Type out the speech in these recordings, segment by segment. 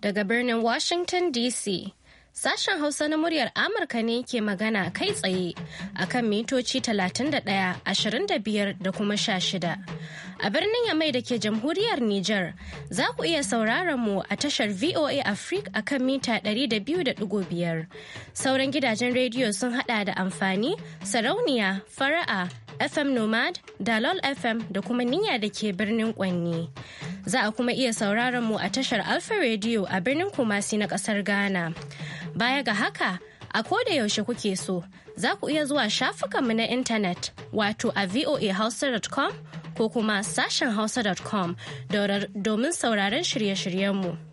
daga birnin Washington DC. Sashen Hausa na muryar Amurka ne ke magana kai tsaye a kan mitoci 31, 25 da kuma 16. A birnin Yamai da ke jamhuriyar Nijar, za ku iya sauraron mu a tashar VOA Africa a kan mita 200.5. Sauran gidajen rediyo sun hada da amfani, sarauniya, fara'a, FM Nomad, Dalol FM da kuma Niyya da ke birnin Kwanni. Za a kuma iya sauraron mu a tashar Alfa Radio a birnin Kumasi na kasar Ghana. Baya ga haka, a da yaushe kuke so, za ku iya zuwa shafukanmu na intanet wato a voahausa.com ko kuma sashen hausa.com domin sauraron shirye-shiryenmu.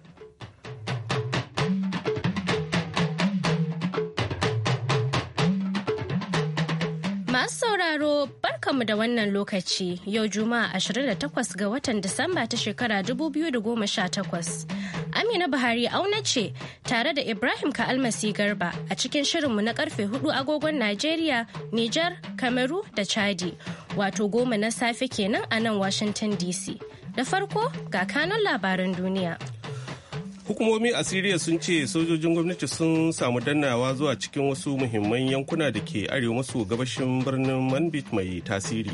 Masu sauraro mu da wannan lokaci yau Juma'a 28 ga watan Disamba ta shekara 2018. Amina Buhari auna ce tare da Ibrahim Ka'almasi Garba a cikin shirinmu na karfe 4 agogon Najeriya, Nijar, Kameru da Chadi. Wato goma na safe kenan a nan Washington DC. Da farko ga kanun labaran duniya. hukumomi a siriya sun ce sojojin gwamnati sun samu dannawa zuwa cikin wasu muhimman yankuna da ke arewa maso gabashin birnin manbit mai tasiri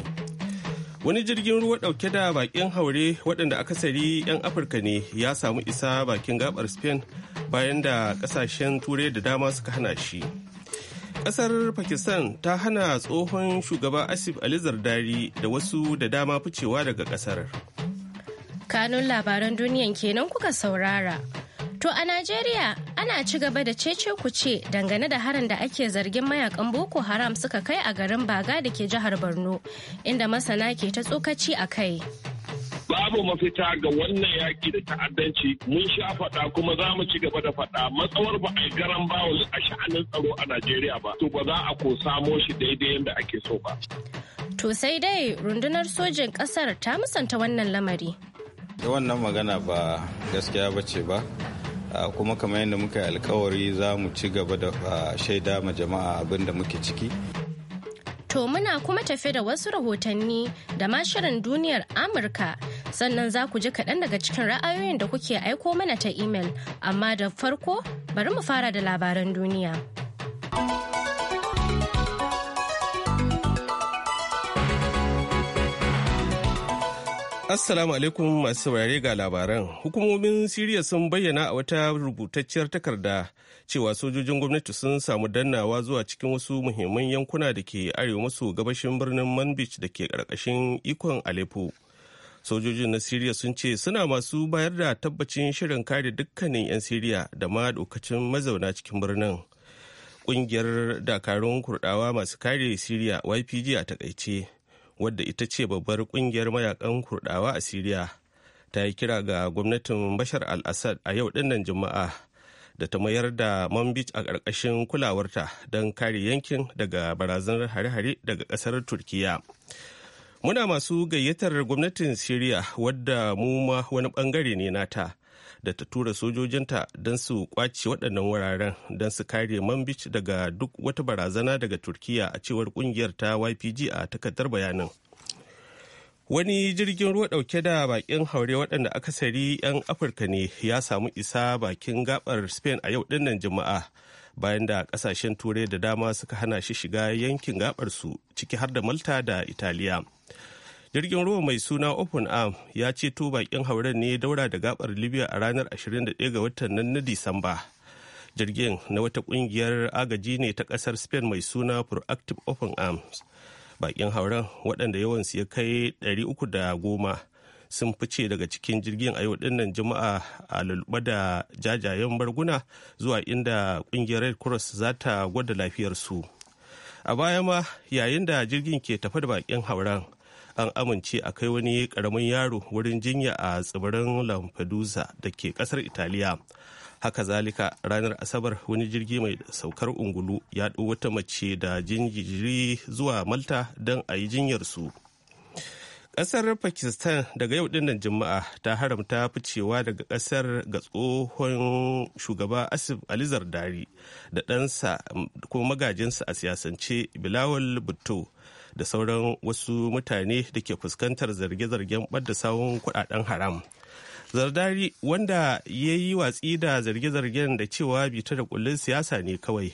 wani jirgin ruwa dauke da bakin haure waɗanda akasari 'yan afirka ne ya samu isa bakin gabar spain bayan da ƙasashen turai da dama suka hana shi ƙasar pakistan ta hana tsohon shugaba asif ali dari da wasu da dama ficewa daga ƙasar Kanun labaran duniyan kenan kuka saurara. To a Najeriya ana ci gaba da cece ku ce dangane da harin da ake zargin mayakan Boko Haram suka kai a garin Baga da ke jihar Borno, inda masana ke ta tsokaci a kai. babu mafita ga wannan yaki da ta'addanci mun sha faɗa kuma za mu ci gaba da faɗa matsawar ba a garan bawul a sha'anin tsaro a najeriya ba to ba za a ko samo shi daidai yadda ake so ba to sai dai rundunar sojin ƙasar ta musanta wannan lamari da eh, wannan magana ba gaskiya ba ce ah, ba kuma kamar yadda muka yi alkawari za mu ci gaba da ah, shaida ma jama'a abin da muke ciki to muna kuma tafe da wasu rahotanni da mashirin duniyar amurka sannan za ku ji kaɗan daga cikin ra'ayoyin da kuke aiko mana ta imel amma da farko bari mu fara da labaran duniya. Assalamu alaikum masu saurare ga labaran. Hukumomin Siriya sun bayyana a wata rubutacciyar takarda cewa sojojin gwamnati sun samu dannawa zuwa cikin wasu muhimman yankuna da ke arewa maso gabashin birnin Manbij da ke ƙarƙashin ikon Aleppo. Sojojin na Siriya sun ce suna masu bayar da tabbacin shirin kare dukkanin 'yan Siriya da ma dokacin mazauna cikin birnin. Ƙungiyar dakarun kurɗawa masu kare Siriya YPG a takaice. wadda ita ce babbar kungiyar mayakan kurdawa a siriya ta yi kira ga gwamnatin bashar al-assad a yau dinnan juma'a da ta mayar da manbij a ƙarƙashin kulawarta don kare yankin daga barazanar hare-hare daga ƙasar turkiya muna masu gayyatar gwamnatin siriya wadda mu ma wani ɓangare ne nata da ta tura sojojinta don su kwace waɗannan wuraren don su kare manbij daga duk wata barazana daga turkiya a cewar kungiyar ta ypg a takardar bayanin wani jirgin ruwa ɗauke da bakin haure waɗanda akasari 'yan afirka ne ya samu isa bakin gabar spain a yau dinnan jama'a bayan da kasashen turai da dama suka hana shi shiga yankin gabar su ciki har da malta da italiya jirgin ruwa mai suna open arm ya ceto bakin hauren ne daura da gabar libya a ranar 21 ga watan nan na disamba jirgin na wata kungiyar agaji ne ta kasar spain mai suna proactive open arms bakin hauren waɗanda yawansu ya kai 310 sun fice daga cikin jirgin a yau dinnan juma'a a lulluɓa da jajayen barguna zuwa inda kungiyar red cross za ta gwada lafiyarsu a baya ma yayin da jirgin ke tafa da bakin hauren an amince a kai wani karamin yaro wurin jinya a tsibirin lampedusa da ke kasar italiya haka zalika ranar asabar wani jirgi mai saukar ungulu ya ɗau wata mace da jinjiri zuwa malta don a yi jinyarsu ƙasar pakistan daga yau dinnan juma'a ta haramta ficewa daga ƙasar ga tsohon shugaba asif alizardari da ɗansa ko magajinsa a siyasance bilawal bhutto da sauran wasu mutane da ke fuskantar zarge-zargen ɓadda sawun kuɗaɗen haram. Zardari wanda ya yi watsi da zarge-zargen da cewa bita da kullun siyasa ne kawai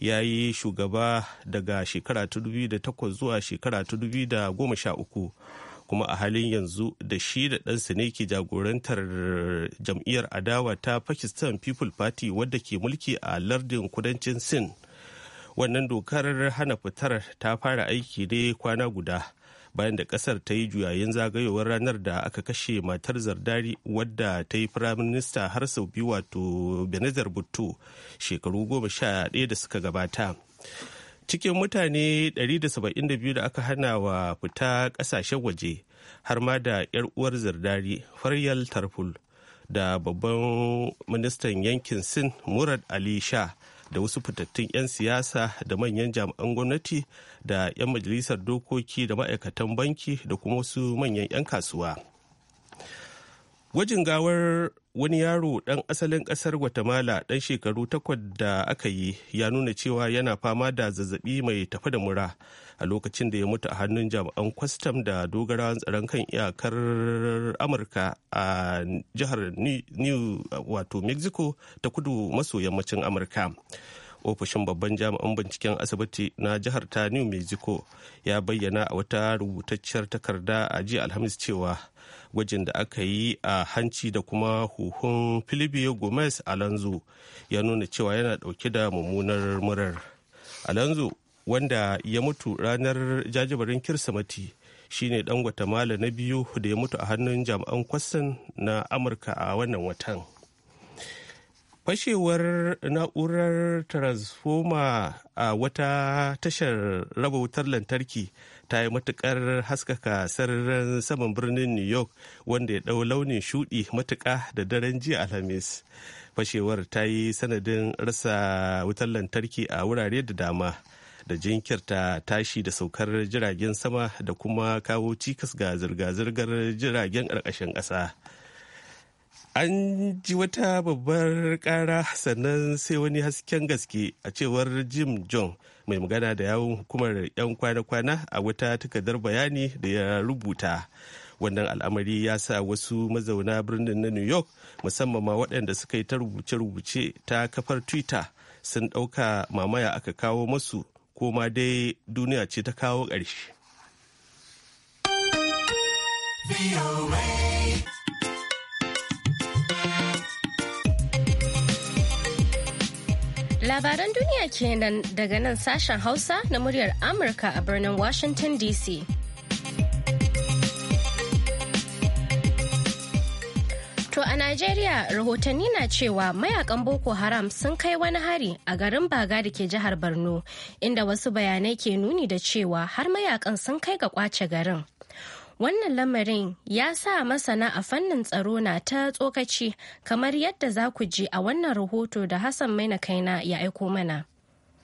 ya yi shugaba daga shekara ta 2008 zuwa shekara ta 2013 kuma a halin yanzu da shi da ɗansa ne ke jagorantar jam'iyyar adawa ta pakistan people party wadda ke mulki a lardin kudancin sin wannan dokar hana fitar ta fara aiki ne kwana guda bayan da kasar ta yi juyayin zagayowar ranar da aka kashe matar zardari wadda ta yi firaminista har sau biyu wato benazir buttu shekaru goma sha ɗaya da suka gabata cikin mutane 172 da aka hana wa fita ƙasashen waje har ma da 'yar uwar zardari faryal tarful da babban ministan yankin sin murad ali sha da wasu fitattun 'yan siyasa da manyan jami'an gwamnati da 'yan majalisar dokoki da ma'aikatan banki da kuma wasu manyan 'yan kasuwa gwajin gawar wani yaro ɗan asalin ƙasar guatemala ɗan shekaru takwas da aka yi ya nuna cewa yana fama da zazzabi mai tafi da mura a lokacin da ya mutu a hannun jami'an kwastam da dogara tsaron kan iyakar amurka a jihar new wato mexico ta kudu maso yammacin amurka ofishin babban jami'an binciken asibiti na jihar ta new mexico ya bayyana a wata rubutacciyar takarda a jiya alhamis cewa gwajin da aka yi a hanci da kuma huhun filibio gomez alonso ya nuna cewa yana dauke da mummunar murar alonso wanda ya mutu ranar jajibarin kirsimati shine dan guatemala na biyu da ya mutu a hannun jami'an kwastan na amurka a wannan watan fashewar na'urar transformer a wata tashar raba wutar lantarki ta yi matukar haskaka sararin saman birnin new york wanda ya ɗau launin shudi, matuka, da daren jiya alhamis fashewar ta yi sanadin rasa wutar lantarki a wurare da dama da jinkirta tashi da saukar jiragen sama da kuma kawo cikas ga zirga-zirgar jiragen ƙarƙashin ƙasa an ji wata babbar ƙara sannan sai wani hasken gaske a cewar jim john mai magana da yawun hukumar 'yan kwana-kwana a wata takardar bayani da ya rubuta wannan al'amari ya sa wasu mazauna birnin na new york musamman ma waɗanda suka yi ta rubuce-rubuce ta kafar twitter sun ɗauka mamaya aka kawo masu ko ma dai duniya ce ta kawo ƙarshe. Labaran duniya kenan daga nan sashen Hausa na muryar Amurka a birnin Washington DC. To a Najeriya rahotanni na cewa mayakan Boko Haram sun kai wani hari a garin Baga da ke jihar Borno inda wasu bayanai ke nuni da cewa har mayakan sun kai ga kwace garin. Wannan lamarin ya sa masana a fannin tsaro na ta tsokaci kamar yadda za ku ji a wannan rahoto da Hassan Maina Kaina ya aiko mana.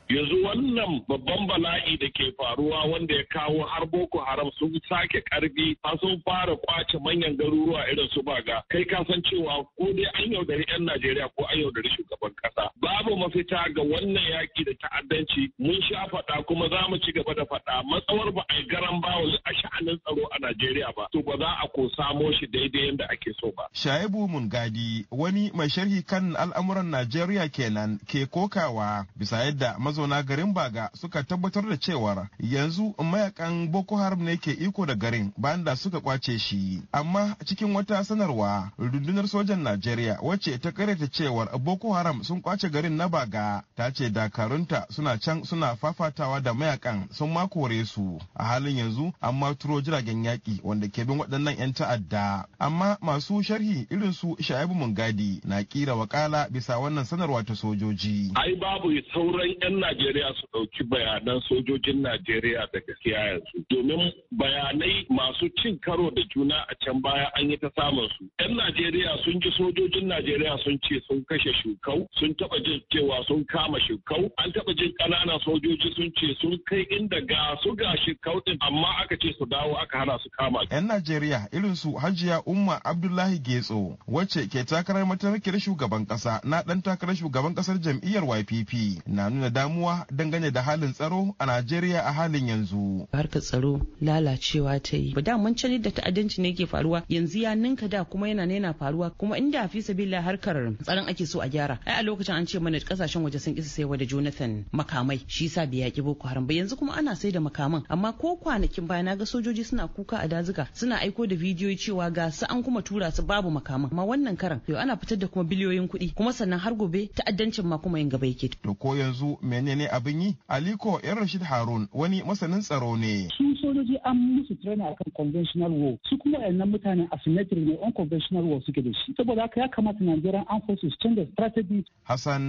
yanzu wannan babban bala'i da ke faruwa wanda ya kawo har boko haram sun sake karbi, a sun fara kwace manyan garuruwa irin su ba ga kai ka san cewa ko dai an yaudari yan najeriya ko an yaudari shugaban kasa babu mafita ga wannan yaki da ta'addanci mun sha faɗa kuma za mu ci gaba da faɗa matsawar ba a garan bawul a sha'anin tsaro a najeriya ba to ba za a ko samo shi daidai yadda ake so ba. shaibu gadi wani mai sharhi kan al'amuran najeriya kenan ke kokawa bisa yadda mazo mazauna garin Baga suka tabbatar da cewar yanzu mayakan Boko Haram ne ke iko da garin bayan da suka kwace shi. Amma cikin wata sanarwa rundunar sojan Najeriya wacce ta karyata cewar Boko Haram sun kwace garin na Baga ta ce dakarunta suna can suna fafatawa da mayakan sun ma kore su. A halin yanzu an ma turo jiragen yaƙi wanda ke bin waɗannan 'yan ta'adda. Amma masu sharhi irin su Sha'ibu Mungadi na kira wakala bisa wannan sanarwa ta sojoji. Ai babu sauran 'yan Najeriya su ɗauki bayanan sojojin Najeriya da gaskiya yanzu. Domin bayanai masu cin karo da juna a can baya an yi ta samun su. 'Yan Najeriya sun ji sojojin Najeriya sun ce sun kashe shukau, sun taba jin cewa sun kama shukau, an taɓa jin ƙanana sojoji sun ce sun kai inda ga su ga shukau ɗin amma aka ce su dawo aka hana su kama. 'Yan Najeriya irin su Hajiya Umma Abdullahi Getso wace ke takarar mataimakiyar shugaban ƙasa na ɗan takarar shugaban ƙasar jam'iyyar YPP na nuna damu damuwa dangane da halin tsaro a Najeriya a halin yanzu. Harkar tsaro lalacewa ta yi. Ba Da mun can da ta'addanci ne ke faruwa yanzu ya ninka da kuma yana yana faruwa kuma inda fi sabila harkar tsaron ake so a gyara. Ai a lokacin an ce mana kasashen waje sun kisa saiwa da Jonathan makamai shi yasa bai yaki Boko Haram ba yanzu kuma ana sai da makaman amma ko kwanakin baya na ga sojoji suna kuka a dazuka suna aiko da bidiyo cewa ga su an kuma tura su babu makaman amma wannan karan yau ana fitar da kuma biliyoyin kuɗi kuma sannan har gobe ta'addancin ma kuma yin gaba yake. To ko yanzu sananne ne abin yi aliko yan rashid harun wani masanin tsaro ne sun sojoji an musu training akan conventional war su kuma wayannan mutanen asymmetric ne unconventional war suke da shi saboda haka ya kamata Nigerian Armed Forces canza strategy Hassan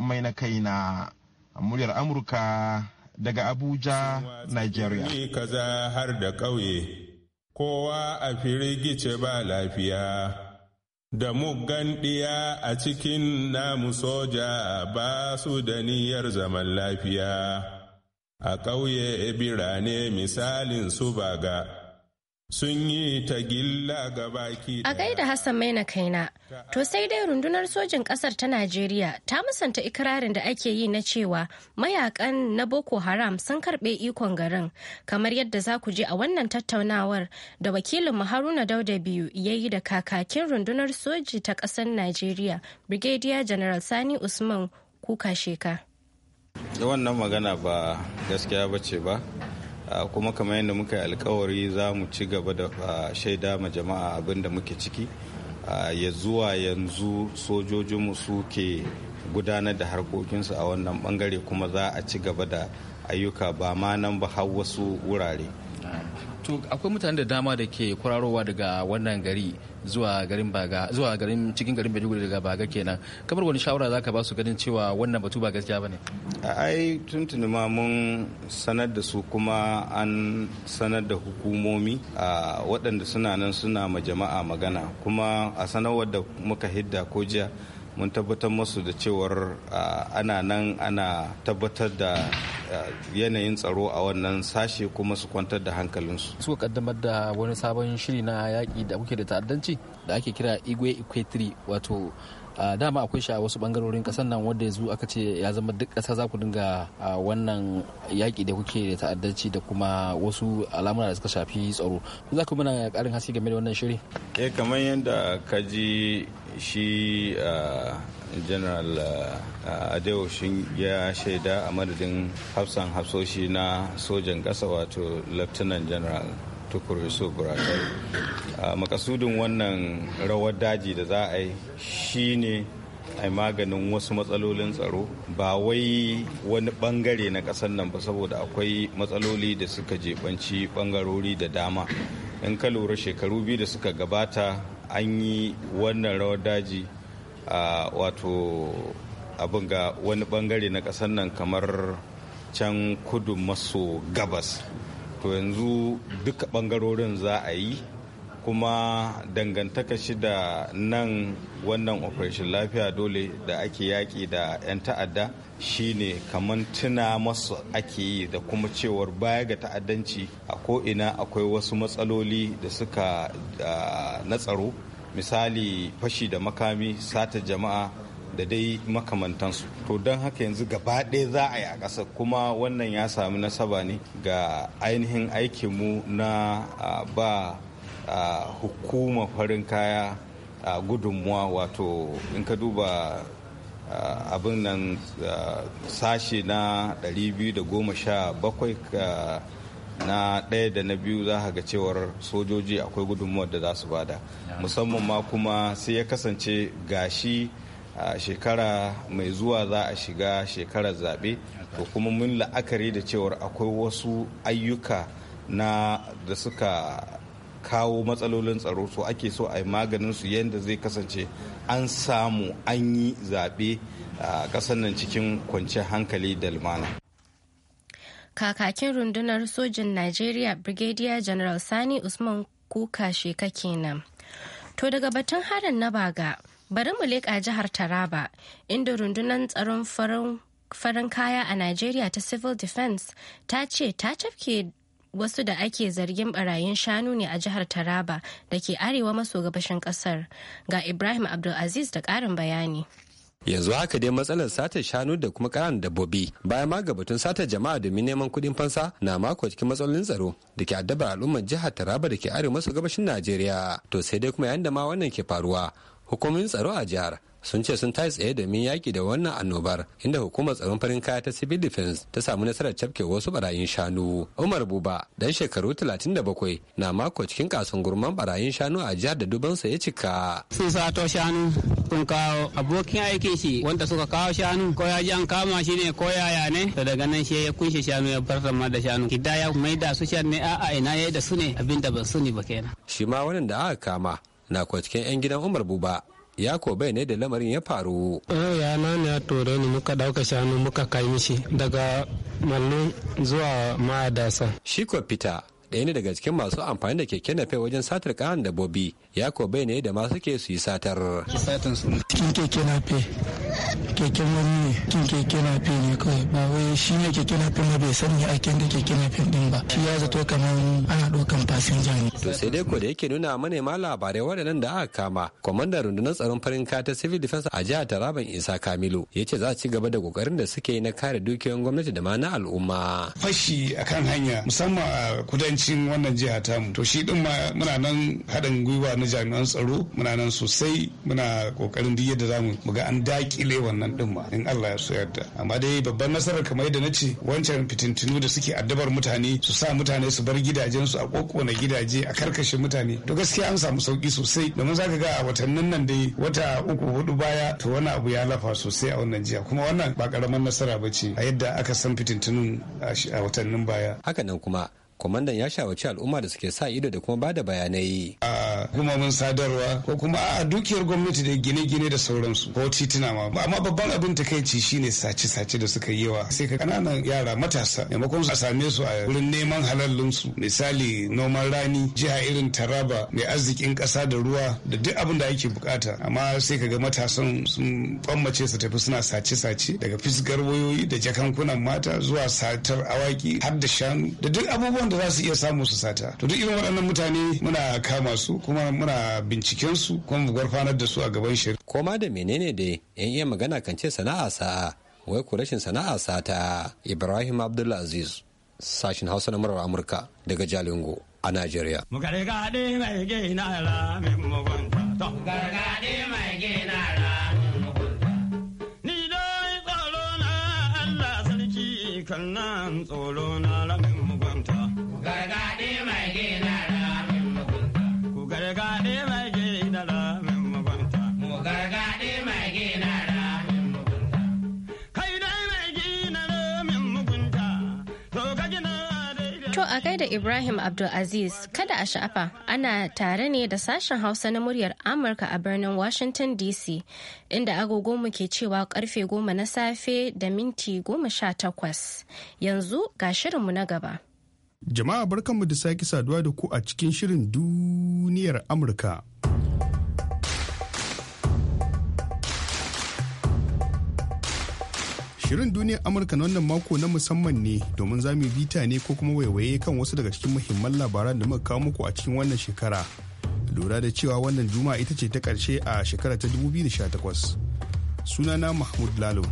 mai na kaina muryar Amurka daga Abuja Nigeria kaza har da ƙauye kowa a firgice ba lafiya da muggan ɗiya a cikin namu soja ba su da niyyar zaman lafiya a ƙauye birane misalin su baga sun yi ta gilla ga baki a gaida hassan maina kaina to sai dai rundunar sojin kasar ta najeriya ta musanta ikirarin da ake yi na cewa mayakan na boko haram sun karbe ikon garin kamar yadda za ku je a wannan tattaunawar da wakilin haruna dauda biyu ya yi da kakakin rundunar soji ta kasar najeriya brigadier general sani usman kuka sheka wannan magana ba gaskiya ba ba kuma kamar yadda muka yi alkawari za mu ci gaba da shaida ma jama'a abin da muke ciki ya zuwa yanzu sojojinmu ke gudanar da harkokinsu a wannan bangare kuma za a ci gaba da ayyuka ba ma nan ba har wasu wurare to akwai mutane da dama da ke kwararowa daga wannan gari zuwa garin baga zuwa garin cikin garin Maiduguri daga baga kenan kamar wani shawara zaka ba su ganin cewa wannan batu ba gaskiya bane ai tuntuni ma mun sanar da su kuma an sanar da hukumomi a waɗanda suna nan suna ma jama'a magana kuma a sanarwar da muka hidda ko jiya mun tabbatar masu da cewar ana nan ana tabbatar da yanayin tsaro a wannan sashe kuma su kwantar da hankalinsu. Suka kaddamar da wani sabon shiri na yaƙi da kuke da ta'addanci da ake kira Igwe Equatri wato a dama akwai shi a wasu bangarorin kasar nan wanda yanzu aka ce ya zama duk ƙasa za ku dinga wannan yaƙi da kuke da ta'addanci da kuma wasu alamuna da suka shafi tsaro ku za ku muna ƙarin haske game da wannan shiri eh kamar yadda ka ji shi general adewo ya shaida a madadin hafsan hafsoshi na sojan ƙasa wato lieutenant general tukur yusuf ah, makasudin wannan rawar daji da za a yi shine a maganin wasu matsalolin tsaro ba wai wani bangare na kasan nan ba saboda akwai matsaloli da suka jebanci bangarori da dama in ka lura shekaru biyu da suka gabata an yi wannan rawar daji a ah, wato abin ga wani bangare na kasan nan kamar can kudu maso gabas to yanzu duka bangarorin za a yi kuma dangantaka shi da nan wannan operation lafiya dole da ake yaƙi da 'yan ta'adda shine kamar tuna masu ake yi da kuma cewar baya ga ta'addanci a ko'ina akwai wasu matsaloli da suka ah, na tsaro misali fashi da makami sata jama'a da dai makamantansu to don haka yanzu gaba ɗaya za a yi a ƙasa kuma wannan ya sami nasaba ne ga ainihin aikinmu na ba hukuma farin kaya a gudunmuwa wato in ka duba abin nan sashe na 217 na ɗaya da na biyu za ga cewar sojoji akwai gudunmuwa da za su bada musamman ma kuma sai ya kasance gashi a shekara mai zuwa za a shiga shekarar zaɓe to kuma mun la'akari da cewar akwai wasu ayyuka na da suka kawo matsalolin tsaro so ake so a yi maganin su yadda zai kasance an samu an yi zaɓe a ƙasar nan cikin kwanciyar hankali da lumana. kakakin rundunar sojin Najeriya Brigadier General Sani Usman Kuka Sheka kenan. To daga batun harin na baga, bari mu leƙa jihar taraba inda rundunar tsaron farin kaya a najeriya ta civil defense ta ce ta tafke wasu da ake zargin barayin shanu ne a jihar taraba da ke arewa maso gabashin kasar ga ibrahim abdulaziz da ƙarin bayani yanzu haka dai matsalar sata shanu da kuma karan dabbobi bayan ma ga batun satar jama'a domin neman kudin fansa na mako cikin matsalolin tsaro da ke addabar al'ummar jihar taraba da ke arewa maso gabashin najeriya to sai dai kuma yayin da ma wannan ke faruwa hukumomin tsaro a jihar sun ce sun tashi tsaye domin yaki da wannan annobar inda hukumar tsaron farin kaya ta civil defense ta samu nasarar cafke wasu barayin shanu umar buba dan shekaru 37 na mako cikin kasan gurman barayin shanu a jihar da dubansa ya cika sun sato shanu sun kawo abokin aikin shi wanda suka kawo shanu ko ya kama shi ne ko yaya ne to daga nan shi ya kunshi shanu ya bar sama da shanu kidaya mai da su shan ne a'a ina yayi da su ne abinda ban sani ba kenan shi ma wannan da aka kama na cikin 'yan gidan umar buba ya ko ne da lamarin ya faru. Eh, ya na ne ya tore ni muka dauka shanu muka kai mishi daga mallu zuwa ma'adasa. Shi ko fita ɗaya ne daga cikin masu amfani da keke nafe wajen satar ƙanan dabbobi ya ko bai ne da ma suke su yi satar. Cikin keke nafe, keke wani ne, cikin keke nafe ne kawai ba wai shi ne keke nafe ma bai sani aikin da keke nafe ɗin ba. Shi ya zato kamar ana ɗaukan fasinja ne. To sai dai ko da yake nuna manema labarai waɗannan da aka kama, kwamandan rundunar tsaron farin kaya ta civil defense a jihar Taraban Isa Kamilu ya ce za a ci gaba da ƙoƙarin da suke na kare dukiyoyin gwamnati da ma na al'umma. Fashi kan hanya musamman a kudanci kudancin wannan jiha tamu to shi din ma muna nan haɗin gwiwa na jami'an tsaro muna nan sosai muna kokarin duk yadda zamu mu ga an dakile wannan din ma in Allah ya so yarda amma dai babban nasarar kamar yadda nace wancan fitintinu da suke addabar mutane su sa mutane su bar gidajen su a kokona gidaje a karkashe mutane to gaskiya an samu sauki sosai domin zaka ga a watannin nan dai wata uku hudu baya to wani abu ya lafa sosai a wannan jiha kuma wannan ba karaman nasara ba ce a yadda aka san fitintunun a watannin baya haka nan kuma kwamandan ya shawarci al'umma da suke sa ido da kuma ba da bayanai. a gumamin sadarwa ko kuma a dukiyar gwamnati da gine-gine da sauransu ko tituna ma amma babban abin ta kai takaici shine sace-sace da suka yi wa sai ka kananan yara matasa maimakon a same su a wurin neman halallunsu misali noman rani jiha irin taraba mai arzikin kasa da ruwa da duk abin da ake bukata amma sai ka ga matasan sun bambace su tafi suna sace-sace daga fisgar wayoyi da jakankunan mata zuwa satar awaki har da shanu da duk abubuwan wanda za su iya samu su sata to duk irin waɗannan mutane muna kama su kuma muna binciken su kuma mu gurfanar da su a gaban shari'a koma da menene da yan iya magana kan ce sana'a sa'a wai ku rashin sana'a sata ibrahim abdulaziz sashin hausa na murar amurka daga jalingo a najeriya Ni dai tsoro na Allah sarki kan nan tsoro na To a gaida Ibrahim Abdulaziz kada a sha'afa ana tare ne da sashen Hausa na muryar Amurka a birnin Washington DC inda agogonmu ke cewa karfe goma na safe da minti goma sha takwas. Yanzu ga shirinmu na gaba. Jama'a barkanmu da sake saduwa da ku a cikin shirin duniyar Amurka. Shirin duniyar Amurka na wannan mako na musamman ne domin za mu bita ne ko kuma waiwaye kan wasu daga cikin muhimman labaran da muka kawo muku a cikin wannan shekara. Lura da cewa wannan juma'a ita ce ta ƙarshe a shekara ta 2018. Sunana Mahmud Lalo.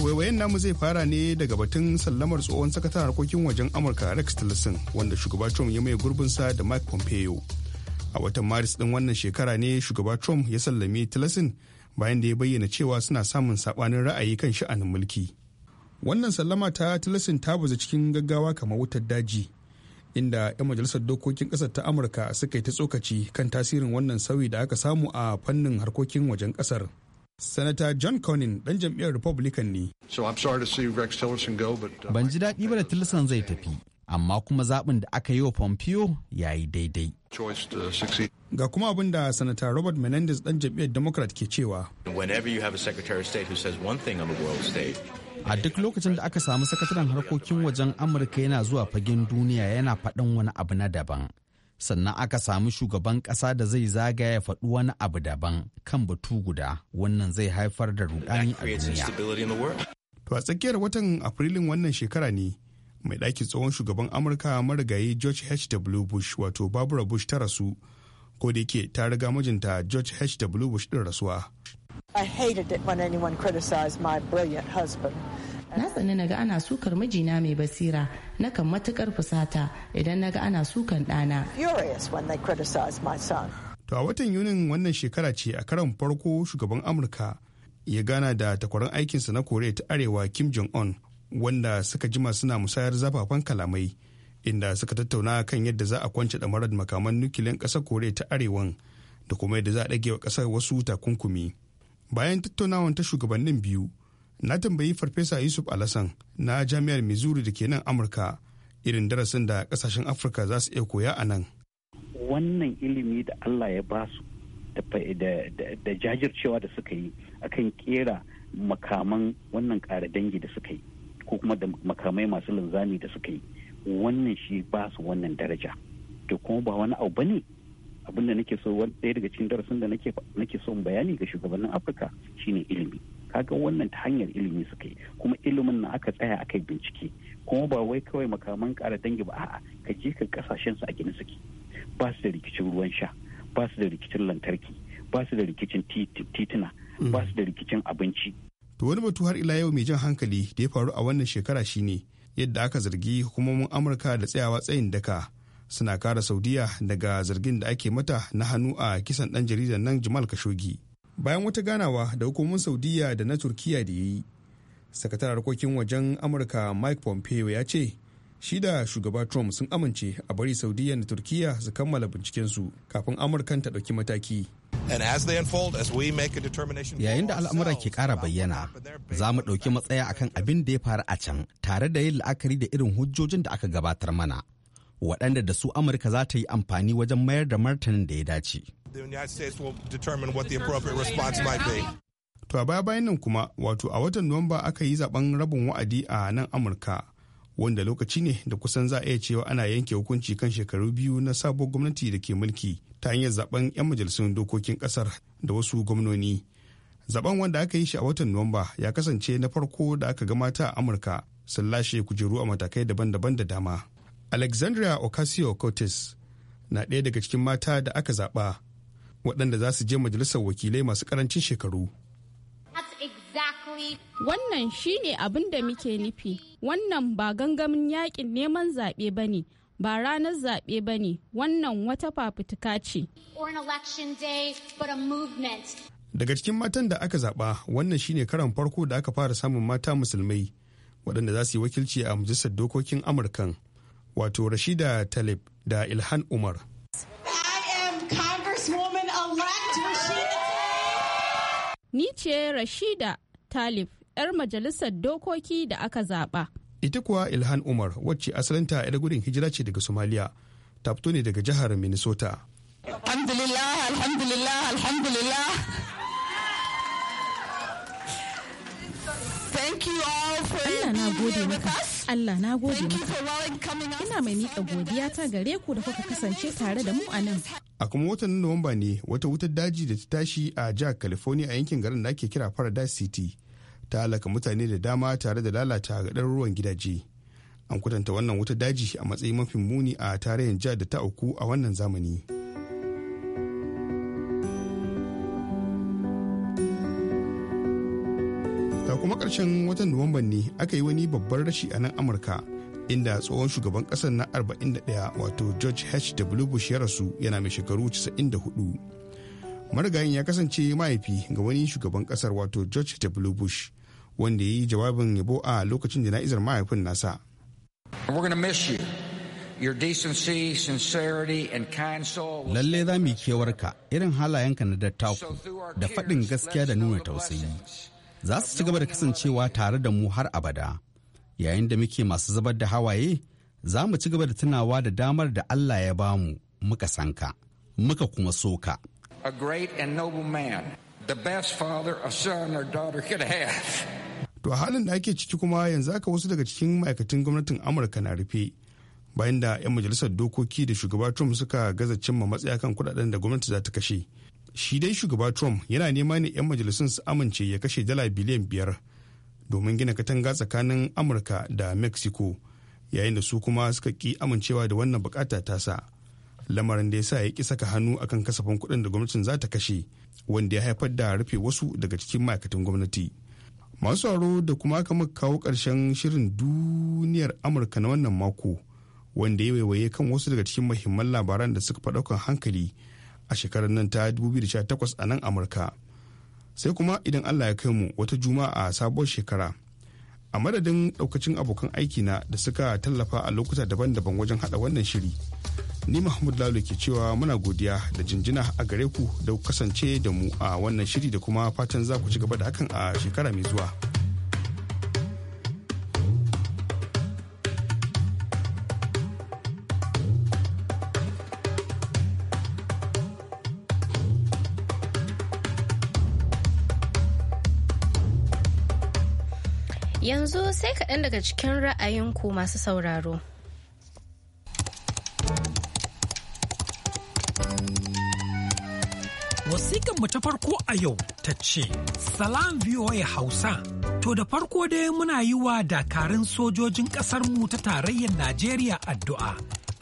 waiwayen namu zai fara ne daga batun sallamar tsohon sakataren harkokin wajen amurka rex tillerson wanda shugaba trump ya mai gurbinsa da mike pompeo a watan maris din wannan shekara ne shugaba trump ya sallame tilasin bayan da ya bayyana cewa suna samun sabanin ra'ayi kan sha'anin mulki wannan sallama ta tilasin ta baza cikin gaggawa kamar wutar daji inda 'yan majalisar dokokin ƙasar ta amurka suka yi ta tsokaci kan tasirin wannan sauyi da aka samu a fannin harkokin wajen ƙasar Sanata John Conin dan jam'iyyar Republican ne. Uh, Ban ji daɗi ba da Tillerson zai tafi, amma kuma zaɓin da aka yi wa Pompeo ya yi daidai. Ga kuma abin da Sanata Robert Menendez ɗan jam'iyyar Democrat ke cewa. A duk lokacin da aka samu sakataren harkokin wajen Amurka yana zuwa fagen duniya yana faɗin wani abu na daban. Sannan aka samu shugaban ƙasa da zai zagaya ya faɗi wani abu daban kan batu guda wannan zai haifar da rudani a duniya. To a tsakiyar watan Afrilun wannan shekara ne mai ɗakin tsohon shugaban amurka marigayi george h.w bush wato babura bush ta rasu ko da yake ta riga mijinta george h.w bush ɗin rasuwa na tsani naga ana sukar mijina mai basira na kan matukar fusata idan naga ana sukan ɗana. To a watan Yunin wannan shekara ce a karan farko shugaban Amurka ya gana da takwaran aikinsa na Koriya ta Arewa Kim Jong-un wanda suka jima suna musayar zafafan kalamai inda suka tattauna kan yadda za a kwance damarar makaman nukiliyan ƙasar koriya ta arewan da kuma yadda za a ɗage wa ƙasar wasu takunkumi bayan tattaunawan ta shugabannin biyu na tambayi farfesa yusuf alasan na jami'ar missouri da ke nan amurka irin darasin da ƙasashen afirka za su iya koya a nan wannan ilimi da allah ya ba su da jajircewa da suka yi akan kera makaman wannan ƙara dangi da suka yi ko kuma da makamai masu linzami da suka yi wannan shi ba su wannan daraja to kuma ba wani abu bane abin da nake so ɗaya daga cikin darasin da nake so bayani ga shugabannin afirka shine ilimi kaga wannan ta hanyar ilimi suka yi kuma ilimin na aka tsaya aka bincike kuma ba wai kawai makaman ƙara dangi ba a'a ka je ka kasashen su a gina suke ba su da rikicin ruwan sha ba su da rikicin lantarki ba su da rikicin tituna ba su da rikicin abinci to wani batu har ila yau mai jan hankali da ya faru a wannan shekara shine yadda aka zargi hukumomin amurka da tsayawa tsayin daka suna kara saudiya daga zargin da ake mata na hannu a kisan ɗan jaridar nan jamal kashogi bayan wata ganawa da hukumomin saudiya da na turkiya da ya yi sakataren harkokin wajen amurka mike pompeo ya ce shi da shugaba trump sun amince a bari saudiya da turkiya su kammala bincikensu kafin amurkan ta ɗauki mataki Yayin da al'amura ke kara bayyana, za mu ɗauki matsaya akan abin da ya faru a can tare da yin la'akari da irin hujjojin da aka gabatar mana, waɗanda da su Amurka za ta yi amfani wajen mayar da martanin da ya dace. To a baya bayan nan kuma, wato a watan Nuwamba aka yi zaben rabin wa'adi a nan Amurka. wanda lokaci ne da kusan za a iya cewa ana yanke hukunci kan shekaru biyu na sabuwar gwamnati da ke mulki ta hanyar zaben 'yan majalisun dokokin kasar da wasu gwamnoni zaben wanda aka yi shi a watan nuwamba ya kasance na farko da aka ga mata a amurka sun lashe kujeru a matakai daban-daban da dama alexandria ocasio cortez na ɗaya daga cikin mata da aka zaɓa waɗanda za su je majalisar wakilai masu ƙarancin shekaru Wannan shi ne abin da muke nufi, wannan ba gangamin yakin neman zaɓe ba ne, ba ranar zaɓe ba ne, wannan wata fafutuka ce. Daga cikin matan da aka zaɓa, wannan shi ne karan farko da aka fara samun mata musulmai waɗanda za su yi wakilci a majalisar dokokin Amurkan, wato Rashida Talib da Ilhan Umar. Ni ce Rashida Talib, 'yar majalisar dokoki da aka zaɓa. Ita kuwa Ilhan Umar, wacce asalinta 'yar gudun hijira ce daga Somalia, ta fito ne daga jihar Minnesota. Alhamdulillah, alhamdulillah, alhamdulillah. Thank you all for being na gode maka. Allah na gode maka. Ina mai miƙa godiya ta gare ku da kuka kasance tare da mu a nan. A kuma watan Nuwamba ne wata wutar daji da ta tashi a jihar California a yankin garin da ake kira Paradise City ta halaka mutane da dama tare da lalata gadar ruwan gidaje. An kwatanta wannan wutar daji a matsayin mafi muni a tarayyar jihar da ta auku a wannan zamani. kuma karshen watan nuwamban ne aka yi wani babban rashi a nan amurka inda tsohon shugaban ƙasar na 41 wato george h.w bush ya rasu yana mai shekaru 94 marigayin ya kasance mahaifi ga wani shugaban ƙasar wato george w bush wanda ya yi jawabin yabo a lokacin jana'izar mahaifin nasa Lalle za mu kewarka irin halayenka na dattaku da faɗin gaskiya da nuna tausayi. za su ci gaba da kasancewa tare da mu har abada yayin da muke masu zubar da hawaye za mu ci gaba da tunawa da damar da Allah ya bamu muka san ka muka kuma soka. ka a great and noble man the best father a son or daughter could have to halin da ake ciki kuma yanzu haka wasu daga cikin ma'aikatan gwamnatin Amurka na rufe bayan da 'yan majalisar dokoki da shugaba Trump suka gaza cimma matsaya kan kudaden da gwamnati za ta kashe shi dai shugaba trump yana nema ne 'yan majalisun su amince ya kashe dala biliyan biyar domin gina katanga tsakanin amurka da mexico yayin da su kuma suka ki amincewa da wannan bukata tasa lamarin da ya sa ya ki saka hannu akan kasafin kuɗin da gwamnatin za ta kashe wanda ya haifar da rufe wasu daga cikin ma'aikatan gwamnati masu tsaro da kuma aka muka kawo ƙarshen shirin duniyar amurka na wannan mako wanda ya waiwaye kan wasu daga cikin muhimman labaran da suka faɗaukan hankali a shekarar nan ta 2018 a nan amurka sai kuma idan allah ya kai mu wata juma'a a sabuwar shekara a madadin daukacin abokan aiki na da suka tallafa a lokuta daban-daban wajen hada wannan shiri ni mahmud lalo ke cewa muna godiya da jinjina a gare ku da kasance da mu a wannan shiri da kuma fatan za ku ci gaba da hakan a shekara mai zuwa. sai kaɗan daga cikin ra'ayinku masu sauraro. mu ta farko a yau ta ce, Salam VOA Hausa, to da farko dai muna yi wa dakarun sojojin ƙasarmu ta tarayyar Najeriya addu'a.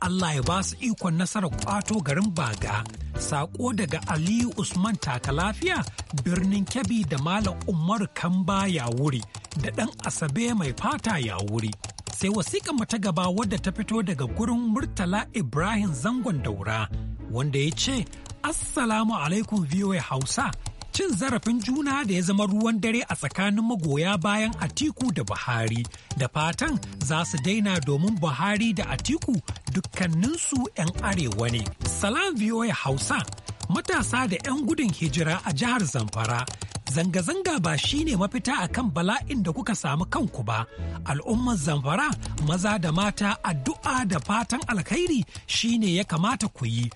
Allah ya ba su ikon nasarar kwato garin baga, saƙo daga Aliyu Usman Takalafiya birnin Kebbi da Malam Umaru Kamba ya wuri. da ɗan asabe mai fata ya wuri. Sai wasiƙa ta gaba wadda ta fito daga gurin Murtala Ibrahim Zangon Daura wanda ya ce, Assalamu alaikum VOA Hausa, cin zarafin juna da ya zama ruwan dare a tsakanin magoya bayan Atiku da Buhari, da fatan za su daina domin Buhari da Atiku dukkaninsu 'yan arewa ne. Salam VOA Hausa. matasa da 'yan gudun hijira a jihar Zamfara. Zanga-zanga ba shi ne mafita a kan bala'in da kuka samu kanku ba, al'ummar zamfara maza da mata addu'a da fatan alkhairi shi ne ya kamata ku yi.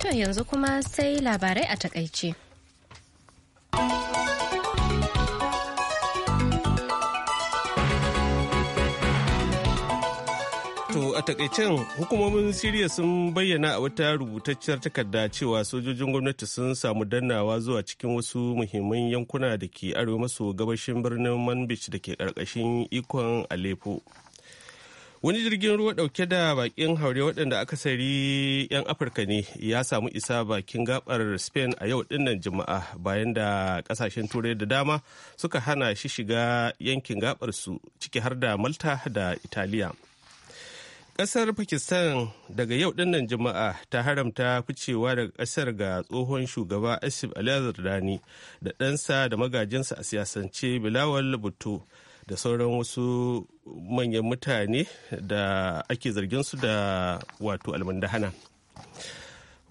To yanzu kuma sai labarai a takaice. a takaicen hukumomin Siriya sun bayyana a wata rubutacciyar takarda cewa sojojin gwamnati sun samu dannawa zuwa cikin wasu muhimman yankuna da ke arewa maso gabashin birnin Manbij da ke karkashin ikon Aleppo. Wani jirgin ruwa dauke da bakin haure waɗanda aka sari 'yan Afirka ne ya samu isa bakin gabar Spain a yau dinnan Juma'a bayan da kasashen turai da dama suka hana shi shiga yankin gabar su ciki har da Malta da Italiya. Ƙasar Pakistan daga yau dinnan Juma'a ta haramta ficewa daga ƙasar ga tsohon shugaba Asif Ali Zardani da ɗansa da magajinsa a siyasance Bilawal Bhutto da sauran wasu manyan mutane da ake zargin su da wato almandahana.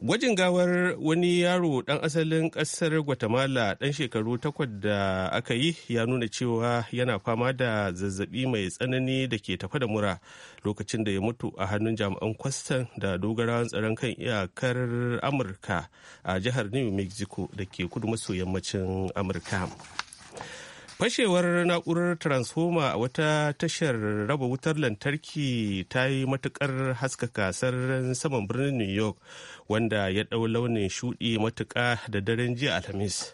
Gwajin gawar wani yaro ɗan asalin ƙasar Guatemala ɗan shekaru takwas da aka yi ya nuna cewa yana fama da zazzabi mai tsanani da ke tafa da mura lokacin da ya mutu a hannun jami'an kwastan da dogarawan tsaron kan iyakar Amurka a jihar New Mexico da ke kudu maso yammacin Amurka. fashewar na'urar transformer a wata tashar raba wutar lantarki ta yi matukar haskaka sararin saman birnin new york wanda ya ɗau launin shuɗi matuka da daren jiya alhamis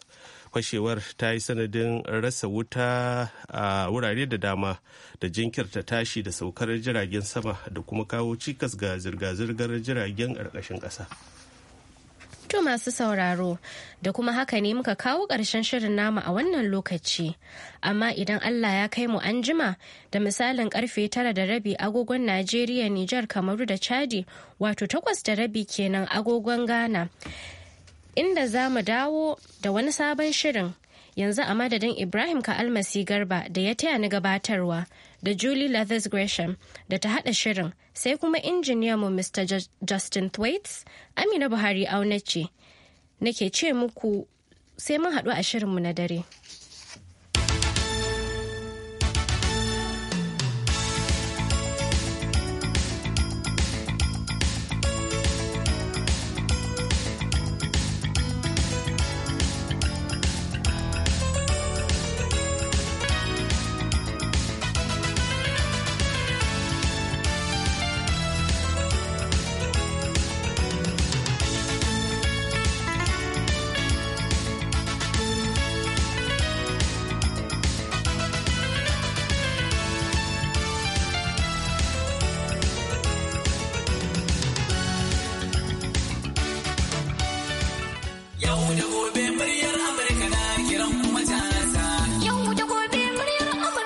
fashewar ta yi sanadin rasa wuta a wurare da dama da jinkirta tashi da saukar jiragen sama da kuma kawo cikas ga zirga-zirgar jiragen ƙarƙashin ƙasa. To masu sauraro, da kuma haka ne muka kawo ƙarshen shirin namu a wannan lokaci. Amma idan Allah ya kai mu an jima da misalin karfe tara da rabi agogon Najeriya, Nijar, Kamaru da Chadi, wato takwas da rabi kenan agogon Ghana. Inda za mu dawo da wani sabon shirin yanzu a madadin Ibrahim Ka'almasi Garba da ya taya ni gabatarwa. da Julie Leathers Gresham da ta haɗa shirin sai kuma mu Mr. Justin Thwaites, Amina Buhari auna ce, nake ce muku sai mun haɗu a shirinmu na dare.